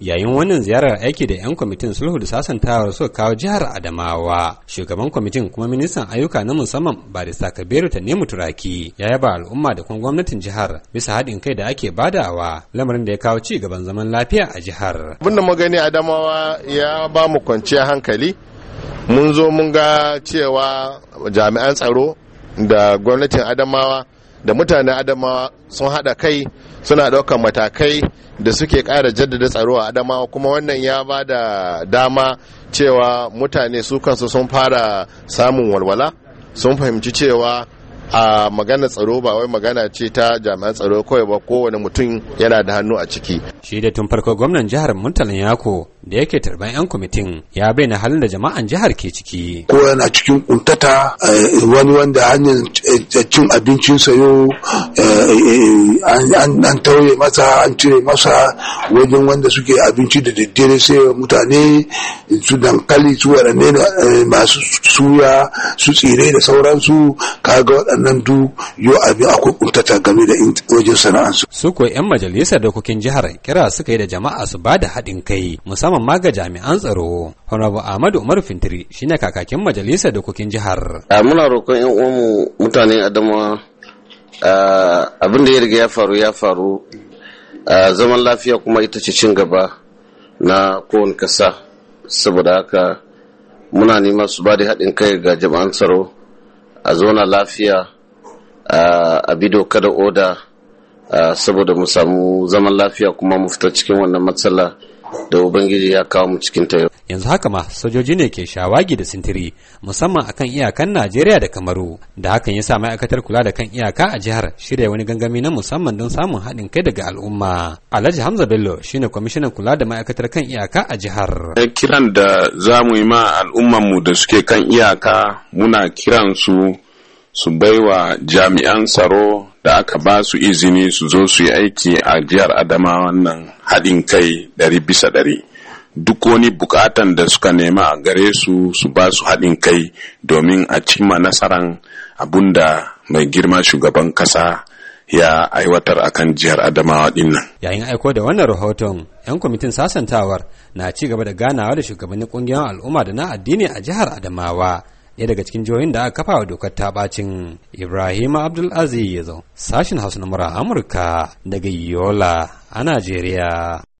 yayin wannan ziyarar aiki da 'yan kwamitin sulhu da sasantawar suka kawo jihar adamawa shugaban kwamitin kuma ministan ayyuka na musamman barista kabiru ta nemi turaki ya yaba al'umma da kuma gwamnatin jihar bisa haɗin kai da ake badawa lamarin da ya kawo ci gaban zaman lafiya a jihar abinda da gani adamawa ya ba mu kwanciyar hankali mun zo mun ga cewa jami'an tsaro da gwamnatin adamawa da mutane adama sun hada kai suna daukan matakai da suke kara jaddada tsaro a adama kuma wannan ya ba da dama cewa mutane su kansu sun fara samun walwala sun fahimci cewa a magana tsaro ba wai magana ce ta jami'an tsaro kawai ba kowane mutum yana da hannu a ciki shi da tun farko gwamnan jihar murtalan yako da yake tarban 'yan kwamitin ya bayyana halin da jama'an jihar ke ciki. Ko yana cikin kuntata eh, wani wanda hanyar eh, cin abincin sayo eh, an tauye masa an cire masa wajen wanda suke abinci da daddare sai mutane su dankali su waɗanne masu suya su tsire da sauransu kaga waɗannan du yo abin akwai kuntata game da wajen sana'ansu. Su ko 'yan majalisar dokokin jihar kira suka yi da jama'a su ba da haɗin kai musamman musamman ma ga jami'an tsaro. Honorable Ahmadu Umar Fintiri shine kakakin majalisar dokokin jihar. Muna roƙon 'yan uwanmu mutanen Adamawa abin da ya riga ya faru ya faru zaman lafiya kuma ita ce cin gaba na kowane kasa saboda haka muna nema su ba da haɗin kai ga jama'an tsaro a zona lafiya a bi doka da oda saboda mu samu zaman lafiya kuma mu fita cikin wannan matsala da ubangiji ya kawo mu cikin ta yau yanzu haka ma sojoji ne ke shawagi da sintiri musamman akan iyakan Najeriya da Kamaru da hakan ya sa ma'aikatar kula da kan iyaka a jihar shirya wani gangami na musamman don samun haɗin kai daga al'umma Alhaji Hamza Bello shine kwamishinan kula da ma'aikatar kan iyaka a jihar eh, kiran da za mu yi ma al'umman mu da suke kan iyaka muna kiran su su baiwa jami'an tsaro da aka ba su izini su zo su yi aiki a jihar adama wannan haɗin kai ɗari bisa ɗari duk wani bukatan da suka nema a gare su su ba su haɗin kai domin a cimma nasaran abunda mai girma shugaban ƙasa ya aiwatar a kan jihar adamawa ɗin yayin aiko da wannan rahoton 'yan kwamitin sasantawar na ci gaba da ganawa da shugabannin ƙungiyar al'umma da na addini a jihar adamawa Ne daga cikin jihohin da aka kafa wa dokar ta bacin Ibrahim Abdul Aziz sashin Hausa na Amurka daga Yola a Najeriya